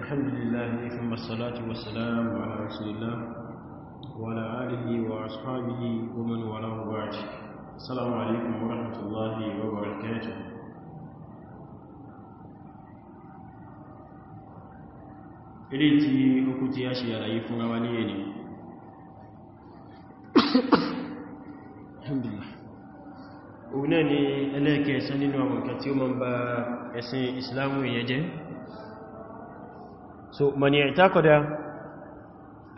الحمد لله ثم الصلاة والسلام على رسول الله وعلى آله وأصحابه ومن والاه بعد السلام عليكم ورحمة الله وبركاته ilé tí ó kú tí a ṣe àlàyé fún rawa ní ẹni òun náà ni ẹlẹ́ẹ̀kẹ́ ẹ̀sán nínú àwọn ǹkan tí ó mọ́ ń ba ẹ̀sìn ìsìláàmù ìyẹn jẹ́ so man i'taqada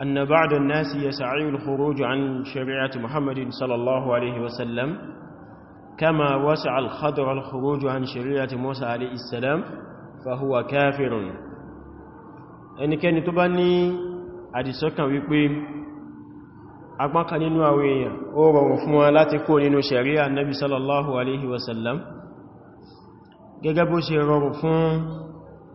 anna ba'da an-nas yas'a'u al-khuruj an shari'ati Muhammadin sallallahu alayhi wa sallam kama wasa'a al-khadr al-khuruj an shari'ati Musa alayhi salam fa huwa kafirun ẹnikẹ́ni tó bá ní àdìsọ́kàn wípé agbọ́n kan nínú àwọn èèyàn ó rọrùn fún wọn láti kó sharia annabi sallallahu alaihi wasallam gẹ́gẹ́ bó ṣe rọrùn fún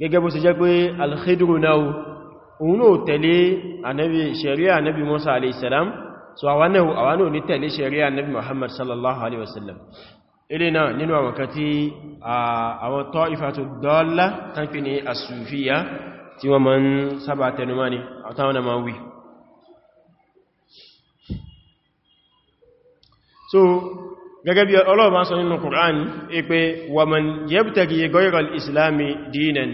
gẹ́gẹ́ bó ṣe jẹ́ pé alkhidru náà òun náà tẹ̀lé ànábì sharia ànábì Musa alaihissalam so àwọn náà ní tẹ̀lé sharia ànábì Muhammad sallallahu alaihi wasallam ilé náà nínú àwọn kan tí àwọn ta'ifatu dalla tán pè ní as tí wọ́n ma ń sábà tẹnumọ́ ni àtàwọn gẹ́gẹ́ bí Ọlọ́run bá sọ nínú Qur'an ipé waman yabtaghi ghayra al-islami dinan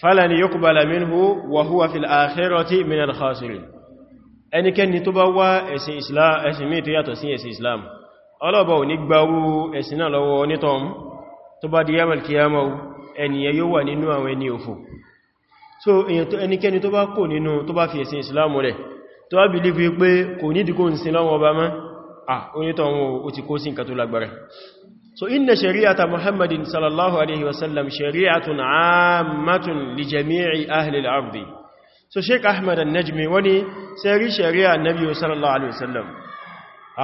falan yuqbala minhu wa huwa fil akhirati min al-khasirin ẹnikẹ́ni tó bá wá ẹ̀sìn mí tó yàtọ̀ sí ẹ̀sìn islam ọlọ́bọ̀ ò ní gbáwó ẹ̀sìn ẹni òfò tó bá kò ẹ̀sìn islam ah onítọ̀ wọn ó ti kó sí nǹkan tó lágbára so inna shari'ata muhammadin sallallahu alaihi wasallam shari'atun ammatun li jami'i ahli al-ardi so sheik ahmad an-najmi wani sari shari'a nabi sallallahu alaihi wasallam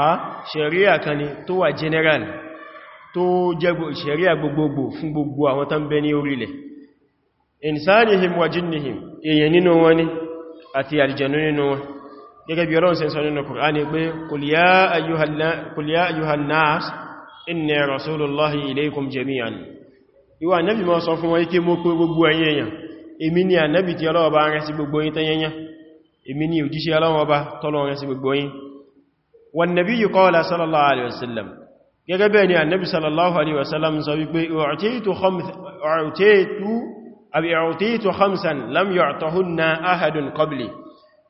ah shari'a kan ni tó wà general tó jẹ́ shari'a gbogbogbò fún gbogbo àwọn tan bẹ ní orílẹ̀ insanihim wa jinnihim èyàn nínú wọn ni aljanu nínú wọn gẹ́gẹ́ bí ọlọ́run sẹ́sọ nínú Kùránì pé kul ya ayyuhan nas inni rasulullahi ilaykum jami'an ìwà nábi ma sọ fún wọn ike mọ́ pé gbogbo ẹ̀yin èèyàn èmi ni ànábì tí ọlọ́wọ́ bá rán sí gbogbo yín tanyanya èmi ni òjíṣẹ́ ọlọ́wọ́ bá tọ́lọ́ rán sí gbogbo yín wan nabiyyu qala sallallahu alaihi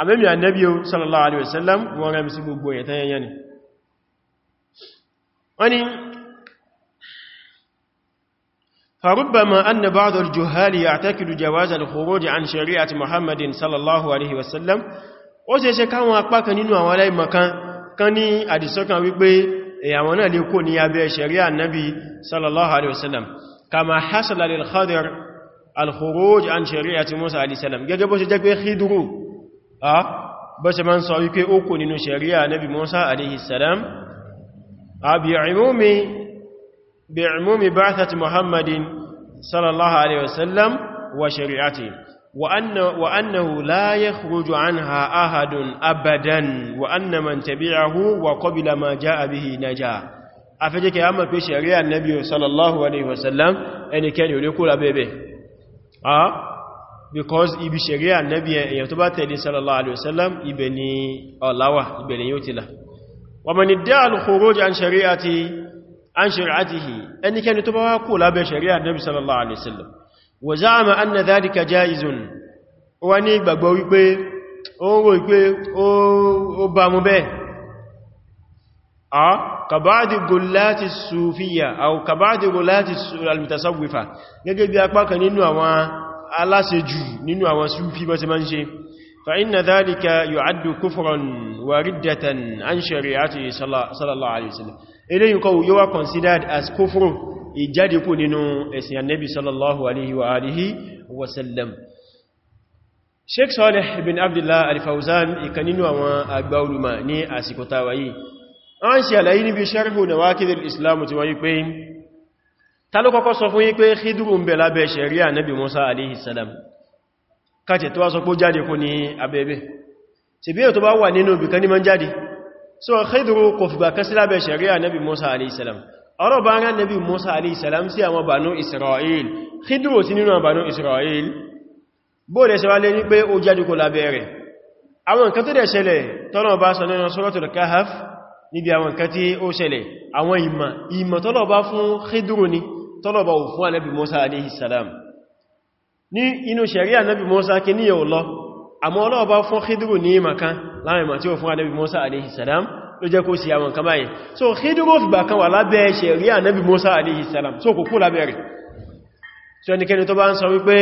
àmẹ́mì ànẹ́bí o sallallahu alaihi wasallam wọ́n rẹ̀ sí gbogbo ẹ̀yẹ̀ tẹ́yẹ̀yẹ́ ni wọ́n ni farubbama anna ba'd al-juhali ya'taqidu jawaz al-khuruj an shari'ati muhammadin sallallahu alaihi wasallam ó ṣe ṣe káwọn apá kan nínú àwọn aláìmọ̀kan kan ní àdìsọ́kan wípé èyàwọn náà lè kó ní abẹ́ shari'a nabi sallallahu alaihi wasallam kama hasala lil khadir al-khuruj an shari'ati musa alaihi salam gẹ́gẹ́ bó ṣe jẹ́ pé khidru bọ́ ṣe ma ń sọ wípé ó kò nínú ṣẹ̀ríà nabi Musa aleyhisselam a bi'imumi ba'athati Muhammadin sallallahu alaihi wasallam wa shari'ati wa annahu la yakhruju anha ahadun abadan wa anna man tabi'ahu wa qabila ma ja'a bihi naja afẹ́jẹ́ kẹ́ àmà pé ṣẹ̀ríà nabi sallallahu alaihi wasallam ẹnikẹ́ni ò because ibi sharia nabi èyàn tó bá tẹ̀lé sallallahu alaihi wasallam ibẹ̀ ni olawa ibẹ̀ ni yóò ti là wa man idda al khuruj an shari'ati an shari'atihi ẹnikẹ́ni tó bá wá kò lábẹ́ sharia nabi sallallahu alaihi wasallam wa za'ama anna dhalika jaizun ó wá ní ìgbàgbọ́ wípé ó rò wípé ó bá mú bẹ́ẹ̀ a ah, kàbáàdì gùnláti sùfíyà àwọn kàbáàdì gùnláti al-mutasawwifa gẹ́gẹ́ bí apá kan nínú àwọn aláṣejù nínú àwọn súfí bọ́ ti máa ń ṣe fa'inna dhalika yu'addu kufran wa riddatan an shari'ati sallallahu alaihi wasallam eléyìn considered as kufru ìjáde kú nínú ẹ̀sìn annabi sallallahu alaihi wasallam sheikh salih bin abdullah al-fawzan ìkan nínú àwọn àgbà olùmọ̀ ní àsìkò tàwàyí an ṣe àlàyé níbi sharhu nawaqidil islam ti wáyé pé ta ló kọ́kọ́ sọ fún yín pé Khidru ń bẹ lábẹ́ ṣẹ̀ríà Nabi Musa alayhi salam káàkiri tó wá sọ pé ó jáde kó ní abẹ́bẹ́ ṣe bí tó bá wà nínú ibi kan ní man jáde so Khidru kò fìgbà kan sí lábẹ́ ṣẹ̀ríà Nabi Musa alayhi salam ọ̀rọ̀ bá rán Nabi Musa alayhi salam sí àwọn Banu Israel ni tọ́lọ̀bà òfún anẹ́bì Musa aléhì salam ní inú ṣẹ̀ríà anẹ́bì Musa kí ní yóò lọ àmọ́ ọlọ́ọ̀bá fún Khidru ní ìmọ̀kan láàrin màtí ó fún anẹ́bì Musa aléhì salam ló jẹ́ kó sí àwọn kama yìí so Khidru fìgbà kan wà lábẹ́ ṣẹ̀ríà anẹ́bì Musa aléhì so kò kú lábẹ́ so ẹnikẹ́ni tó bá ń sọ wípé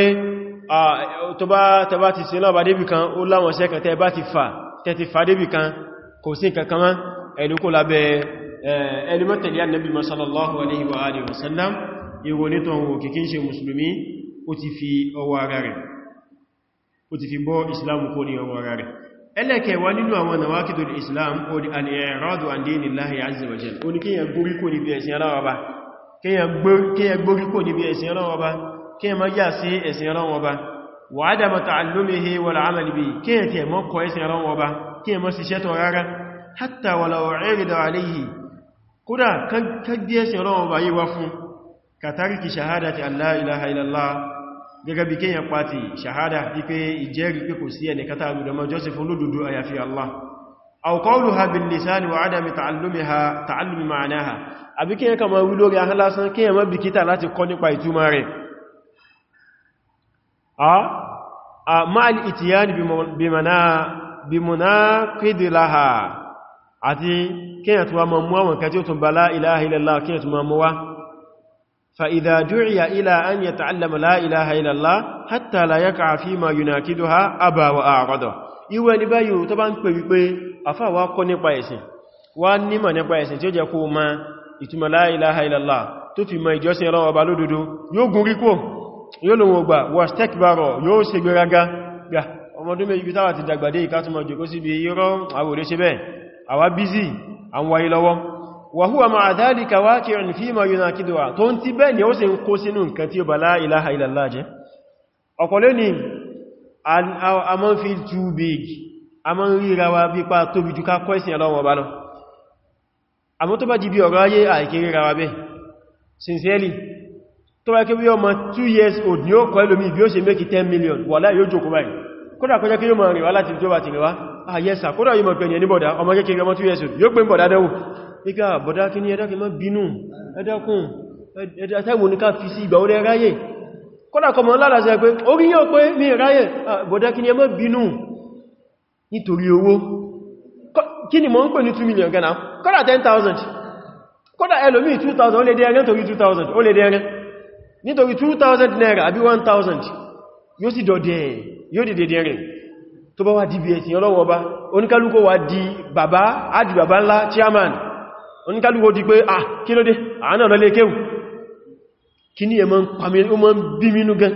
tó bá ti sin lọ́ọ̀bá débì kan ó láwọn ṣẹ́ kan tẹ́ bá ti fà tẹ́ ti fà débì kan kò ẹ̀lú mọ́tẹ̀lẹ́ annabi sallallahu alaihi wa alihi irú onítàn wò kìkí ń ṣe mùsùlùmí ó ti fi ọwọ́ ara rẹ̀ ó ti fi bọ́ islamu kó ní ọwọ́ ara rẹ̀ ẹlẹ́kẹ̀ẹ́wà nínú àwọn nawaqidul islam ó di al-i'radu an dinillahi azza wa jalla ó ní kíyàn gbórí kò níbi ẹ̀sìn Ọlọ́run Ọba kíyàn gbórí kò níbi ẹ̀sìn Ọlọ́run Ọba kíyàn má yà sí ẹ̀sìn Ọlọ́run Ọba wa 'adama ta'allumihi wal 'amali bihi kíyàn kódà kan gbé ẹ̀sìn Ọlọ́run Ọba yíwá fún kàtàríkì ṣàhádà ti Allah ilaha illallah gẹ́gẹ́ bí kíyàn pàtí ṣàhádà wípé ìjẹ́rìí pé kò sí ẹni kátà àrùdà mọ́ jọ́sí fún lódòdó àyàfi Allah aw qawluha bil lisani wa adami ta'allumiha ta'allumi ma'naha àbí kíyàn kama wí lórí ahán lásán kíyàn mọ́ bìkítà láti kọ́ nípa ìtumọ̀ rẹ̀ a ma'al itiyani bi munaqidi laha àti kíyàn tó wá mọ́ mú àwọn ó tún bala ilaha illallah kíyàn tó mọ́ mọ́ فإذا دعي إلى أن يتعلم لا إله إلا الله حتى لا يقع فيما يناكدها أبا وأعرضه ìwọ ẹni báyìí tó bá ń pè wípé àfáwà kọ́ nípa ẹ̀sìn wá nímọ̀ nípa ẹ̀sìn tí ó jẹ́ kó ma ìtumọ̀ la ilaha illallah tó fi mọ ìjọsìn ọlọ́wọ́ ọba lódodo yóò gún ríkò yóò lòun ọgbà wastakbaro yóò ṣe gbéraga gbà ọmọdún méjì táwà ti dàgbàdé ìkátùmọ̀ jòkó síbi irọ́ àwòrẹ́ ṣe bẹ́ẹ̀ àwá bízì àwọn wáyé lọ́wọ́ wàhúwà ma dhalika waqi'un fima yunakiduwa tó ń ti bẹ́ẹ̀ ni ó sì ń kó sínú nǹkan tí ó bà la ilaha illallah jẹ́ ọ̀kọ̀lẹ́ ni a mọ́ fi too big a mọ́ ríra wa bí pa tóbi jù ká kọ́ ìsìn ọlọ́wọ̀ bá lọ àmọ́ tó bá di bí ọ̀rọ̀ ayé àìkè ríra wa bẹ́ẹ̀ sincerely tó bá kébí ọmọ 2 years old ni ó kọ́ ẹlòmí bí ó ṣe make 10 million wà láì yóò jókòó báyìí kódà kọjá kí yóò mọ̀ rìn wá láti jọba tìrìwá àyẹ́sà kódà yóò mọ̀ pẹ̀lú ẹni bọ̀dá ọmọ kékeré ọmọ 2 years old yóò pín bọ̀dá dẹ́wò nígbà bọ̀dá kí ní ẹ̀dá mọ́ bínú ẹ̀dákùn ẹ̀dákùn ní ká fi sí ìgbà orí ráyè kọ́dà kọmọ pé orí yóò pé mi ráyè bọ̀dá kí ní ẹmọ́ bínú nítorí owó kí ni mọ́ ń pè ní 2 million gana kọ́dà 10,000 kọ́dà ẹlòmí 2,000 ó 2,000 naira 1,000 tó bá wá wá di bàbá bàbá ńlá chairman oníkálùwò di pé ah kí ló dé àánà lọlé kéwù kí ní ẹmọ ó mọ́ bí mínú gan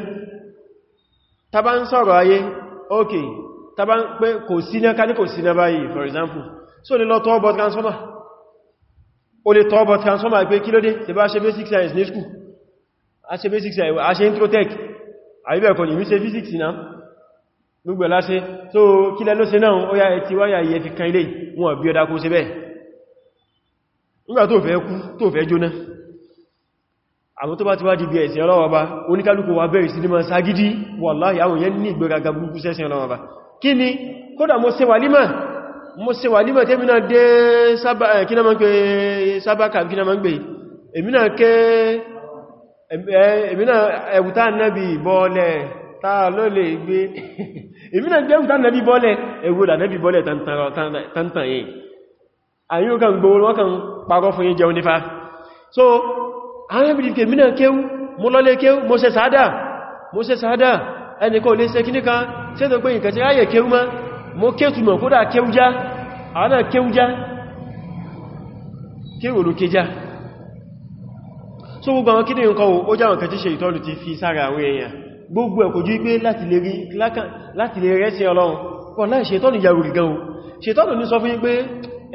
tàbá ń sọ̀rọ̀ ayé ok tàbá ń pé kò síná ká ní kò síná báyìí for example so lè lọ tọ́ọ̀bọ̀ transformer o lè tọ́ọ̀bọ̀ transformer pé kí ló dé tẹ bá ṣe basic science ní school a ṣe basic science a ṣe introtech àyíbẹ̀ẹ̀kọ́ ni mi ṣe physics náà gbogbo láṣe so kí lẹ ló ṣe náà ó yá ẹ ti wáyà ìyẹ fi kan ilé wọn bí ọdá kó ṣe bẹ́ẹ̀ nígbà tó fẹ́ kú tó fẹ́ jóná àwọn tó bá ti wá di bí ẹ̀sìn ọlọ́wọ́ bá oníkálùkù wà bẹ̀rẹ̀ sí ní máa ságídí wàláhì àwọn yẹn ní ìgbéraga burúkú sẹ́sìn ọlọ́wọ́ bá kí ni kódà mo ṣe wàlímà mo ṣe wàlímà tẹ́mi náà dé sábàkà na máa ń gbé èmi náà ké èmi náà ẹ̀wùtá náàbì bọ́ọ̀lẹ̀ táà ló lè gbé èmi náà àyíò kan gbogbo wọn kan parọ́ fún yí jẹun nífà so àwọn ibi kèmí náà kéwú mo lọlé kéwú mo ṣe sáádà mo ṣe sáádà ẹnìkan olè ṣe kíníkan ṣe tó pé ìkẹ̀ tí ráyẹ̀ kéwú má mo kétùmọ̀ kódà kéwújá àwọn náà kéwújá kéwòrò kéjá so gbogbo àwọn kíní nǹkan ó jáwọn kan tí ṣe ìtọ́lù ti fi sára àwọn èèyàn gbogbo ẹ̀kọ́ jú pé láti lè rẹ́sẹ̀ ọlọ́run pọ̀ láì ṣètọ́nù ìyàwó gìgan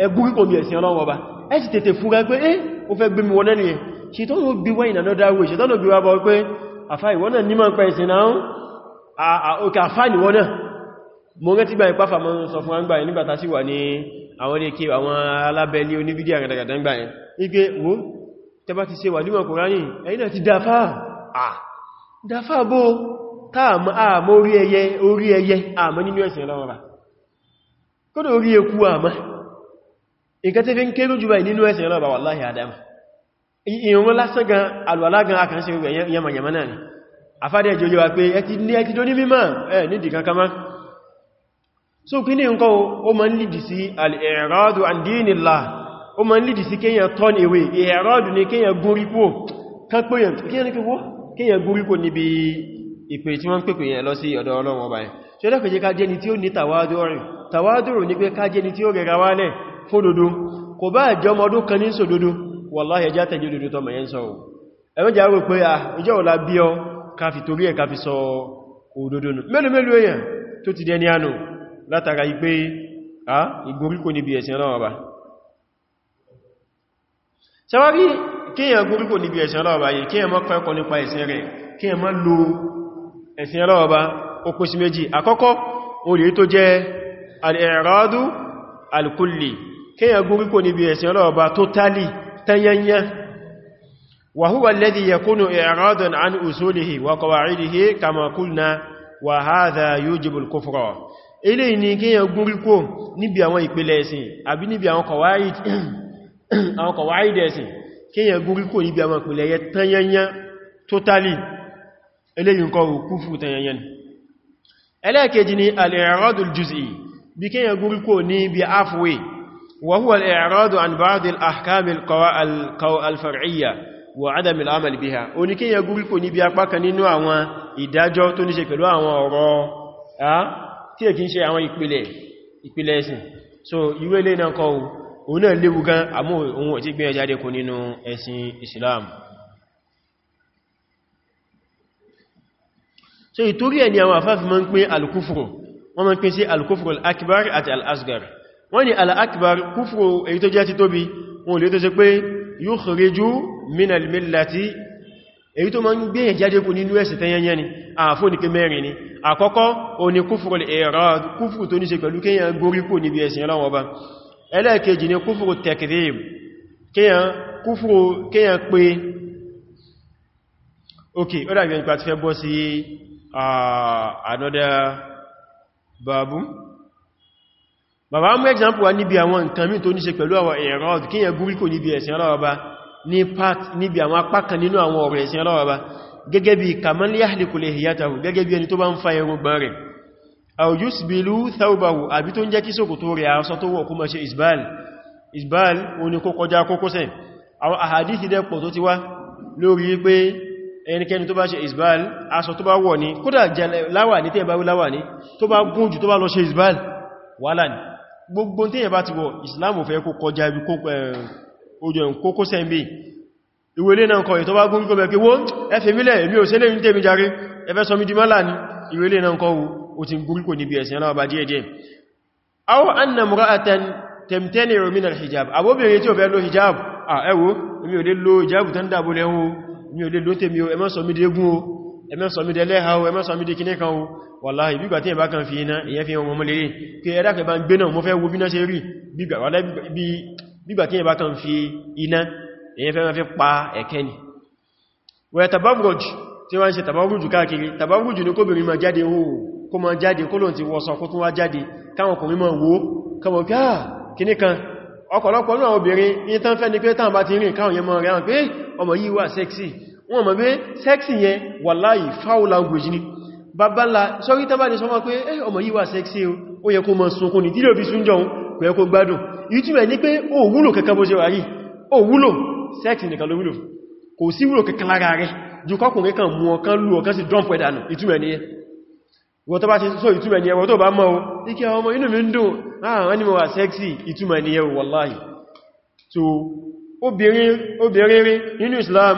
ẹgbúrí kò ní ẹ̀sìn ọlọ́run ọba ẹ sì tètè fúra pé eh o fẹ́ gbé mi wọlé ní ẹ̀ ṣètọ́ bí wáyìn another way ṣètọ́ ló bí wá bọ́ pé àfá ìwọ náà nímọ̀ pẹ̀ ẹ̀sìn náà òkè àfá ìwọ náà mo rẹ́ ti gba ìpáfà mọ́ sọ fún àgbà yìí nígbàtà sí wà ní àwọn ilé kí àwọn alábẹ́lé oníbídí àgàdàgàdà ń gbà ẹ̀ ike wo tẹba ti ṣe wà nímọ̀ kòránì ẹ̀yìn náà ti dáfà dáfà bó táàmù àmọ́ orí ẹyẹ àmọ́ nínú ẹ̀sìn lọ́wọ́ra kódò orí eku àmọ́ ìkẹ́ tí fi ń kéré jù báyìí nínú ẹ̀sìn ọlọ́ọ̀bá wàláhì àdámà ìrún lásán gan alwàlágan akànṣe yẹmọ̀yẹmọ̀ náà ni àfádẹ́ ìjọ yíwa pé ẹ ti ní mímọ̀ so kí ní nǹkan o ma ń lìdì sí andini la o ma ń lìdì sí kéyàn turn away i'radu ni kéyàn gúrípò kan péyàn kéyàn gúrípò níbi ìpè tí wọ́n pèpè yẹn lọ sí ọ̀dọ̀ Ọlọ́run ọba yẹn ṣe ká jẹ́ ni tí ó ní tàwádùrù ní pé ká jẹ́ ni tí ó wálẹ̀ fódodo kò bá ẹjọ́ ọmọdún kan ní sòdodo wàláhì ẹjá tẹ̀jẹ́ òdodo tọ́mọ̀ yẹn sọ ẹwọ́n jẹ́ wọ́n pé à ah, ìjọ́ òlà bí ọ káfì torí ẹ̀ káfì sọ òdodo nù mélòó mélòó èèyàn tó ti dẹni ànù látara ipé à ah, ìgbóríkò níbi ẹ̀sìn ọlọ́wọ́ bá sẹwárí kíyàn gbóríkò níbi ẹ̀sìn ọlọ́wọ́ bá yìí kíyàn mọ́ kọ́ẹ̀kọ́ nípa ẹ̀sìn rẹ̀ kíyàn mọ́ lo ẹ̀sìn ọlọ́wọ́ bá ó pèsè méjì àkọ́kọ́ olè tó jẹ́ al-i'radu al-kulli kíyàn gúrí kò níbi ẹ̀sìn ọlọ́ọ̀bá tó tálì tanyanya wa huwa alladhi yakunu i'radan an usulihi wa qawa'idihi kama qulna wa hadha yujibu al-kufra ilé ni kíyàn gúrí níbi àwọn ìpìlẹ̀ ẹ̀sìn àbí níbi àwọn qawaid وهو الإعراض عن بعض الأحكام الفرعية وعدم العمل بها ó ní kí ẹ gúrí kò níbi apá kan nínú àwọn ìdájọ́ tó ní ṣe pẹ̀lú àwọn ọ̀rọ̀ tí è kí ń ṣe àwọn ìpìlẹ̀ ìpìlẹ̀ ẹ̀sìn so ìwé ilé náà kọ́ òun náà léwu gan àmú ohun tí gbé jáde kò nínú ẹ̀sìn Islam so ìtorí ẹ̀ ni àwọn afáfí mọ́ ń pín alkufru wọ́n mọ́ ń pín sí alkufru al-akbar àti al-asgar wọ́n ni al'akbar kúfùrò èyí tó jẹ́ ti tóbi wọn lè tó ṣe pé yukhriju minal millati èyí tó ma ń gbé ìjáde kú nínú ẹ̀sì tẹ́yẹnyẹ ni àfún ní mẹ́rin ni àkọ́kọ́ o ni kúfùrò al-i'rad kúfùrù tó ní ṣe pẹ̀lú kíyàn gorí kò níbi ẹ̀sìn Ọlọ́run Ọba ẹlẹ́ẹ̀kejì ni kúfùrù takdhib kíyàn kúfùrù kíyàn pé ah, babu bàbá mú example wa níbi àwọn nǹkan mí tó ní ṣe pẹ̀lú àwọn erod kíyàn gúrí kò níbi ẹ̀sìn ọlọ́ọ̀bá ní part níbi àwọn apá kan nínú àwọn ọ̀rọ̀ ẹ̀sìn ọlọ́ọ̀bá gẹ́gẹ́ bí kaman yahliku lihiyatahu gẹ́gẹ́ bí ẹni tó bá ń fa irùngbọ̀n isbal isbal ó ní kó kọjá kókósẹ̀ àwọn ahadithi dẹ̀ pọ̀ tó ti wá lórí pé ẹnikẹ́ni tó bá ṣe isbal aṣọ tó bá wọ̀ ní kódà láwà ní tẹ́ isbal wàhálà ni gbogbo tí yẹ bá ti wọ islam fẹ́ kó kọjá ibi eh, ojú ẹ̀n kókó sẹ́mbé ìwé ilé náà kọ̀ ìtọ́ bá gún kó bẹ̀kẹ́ wọ́n ẹfẹ́ mílẹ̀ èmi ò sẹ́lẹ̀ ìtẹ́mi jari ẹfẹ́ sọmí dìmọ́là ní ìwé ilé náà kọ̀ o ti gún hijab abóbìnrin tí ó fẹ́ hijab ah ẹwọ́ èmi hijab tán dàbò lẹ́wọ́ èmi ò ẹmẹ́ sọmí dẹlẹ́ ha ẹmẹ́ sọmí dẹ kíní kan wàláhì bí gbàtí ìbá kan fi iná ìyẹ́ fi wọn mọ́mọ́lẹ̀ kí ẹ̀dá kẹba ń gbé náà mo fẹ́ wo bí náà ṣe rí bí gbàtí ìbá kan fi iná ìyẹ́ fẹ́ fi pa ẹ̀kẹ́ ni wẹ̀ tabarruj tí wọ́n ń ṣe tabarruj káàkiri tabarruj ní kóbìnrin ma jáde hó kó ma jáde kó lóun ti wọ́sọ kó tún wá jáde káwọn kùnrin ma wo káwọn pé àà ah, kíní kan ọ̀pọ̀lọpọ̀ náà obìnrin ní tán fẹ́ ni pé tán bá ti rìn káwọn yẹn mọ́ rẹ̀ hàn pé eh, ọmọ yìí wà sexy wọ́n mọ̀ pé sẹ́ksì yẹn wàláyì foul language ni babbala sọ́rí tàbà ní sọmọ́ pé eh ọmọ yíwa sẹ́ksì o yẹ kó mọ̀ sunkún ní dídò bí súnjọ pẹ̀ kó gbádùn ìtumẹ̀ ní pé ó wúlò kankan bó ṣe wà rí ó wúlò sẹ́ksì nìkan ló wúlò kò sí wúlò kankan lára rẹ̀ ju kọkùnrin drum pẹ̀ dànù ìtumẹ̀ ni wọ́n tó bá ti sọ ìtumẹ̀ ni ẹwọ́ tó bá mọ́ ikẹ́ ọmọ inú mi ń dùn àwọn ah, so obìnrin rí nínú Islam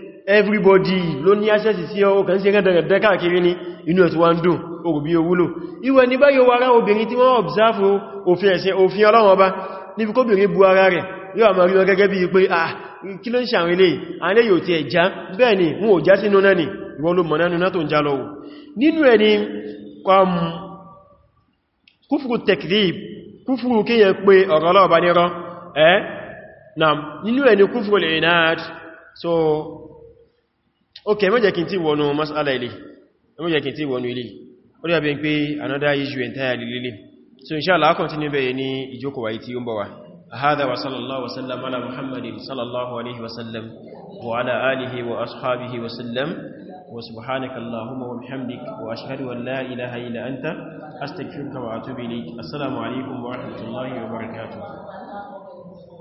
everybody ló ní access sí ọwọ́ kan sí rẹ̀dẹ̀rẹ̀dẹ̀ káàkiri ní inú ẹ̀tù wa ń dùn orùbí owúlò ìwẹ̀ ní báyíò wara obìnrin tí wọ́n observe òfin ẹ̀sẹ̀ òfin ọlọ́wọ́ bá níbi kóbìnrin bu ara rẹ̀ yóò àmà rí wọn gẹ́gẹ́ ah kí ló ń ṣe àwọn eléyìí alẹ́ yóò ti ẹ̀já bẹ́ẹ̀ ni ni ìwọ́n ló mọ̀ nánú náà tó ń já lọ́wọ́ nínú ẹni um, kúfùrù tẹ̀kìrìb kúfùrù kíyàn so ok ẹ má jẹ́ kí n tí wọnú masala ilé ẹ má jẹ́ kí n tí wọnú ilé ó rí abin pé another issue entirely lílé so inshallah a continue bẹ̀yẹ ní ìjókòwà tí ó ń bọ̀ wá هذا وصلى الله وسلم على محمد صلى الله عليه وسلم وعلى آله وأصحابه وسلم وسبحانك اللهم وبحمدك وأشهد أن لا إله إلا أنت أستغفرك وأتوب إليك السلام عليكم ورحمة الله وبركاته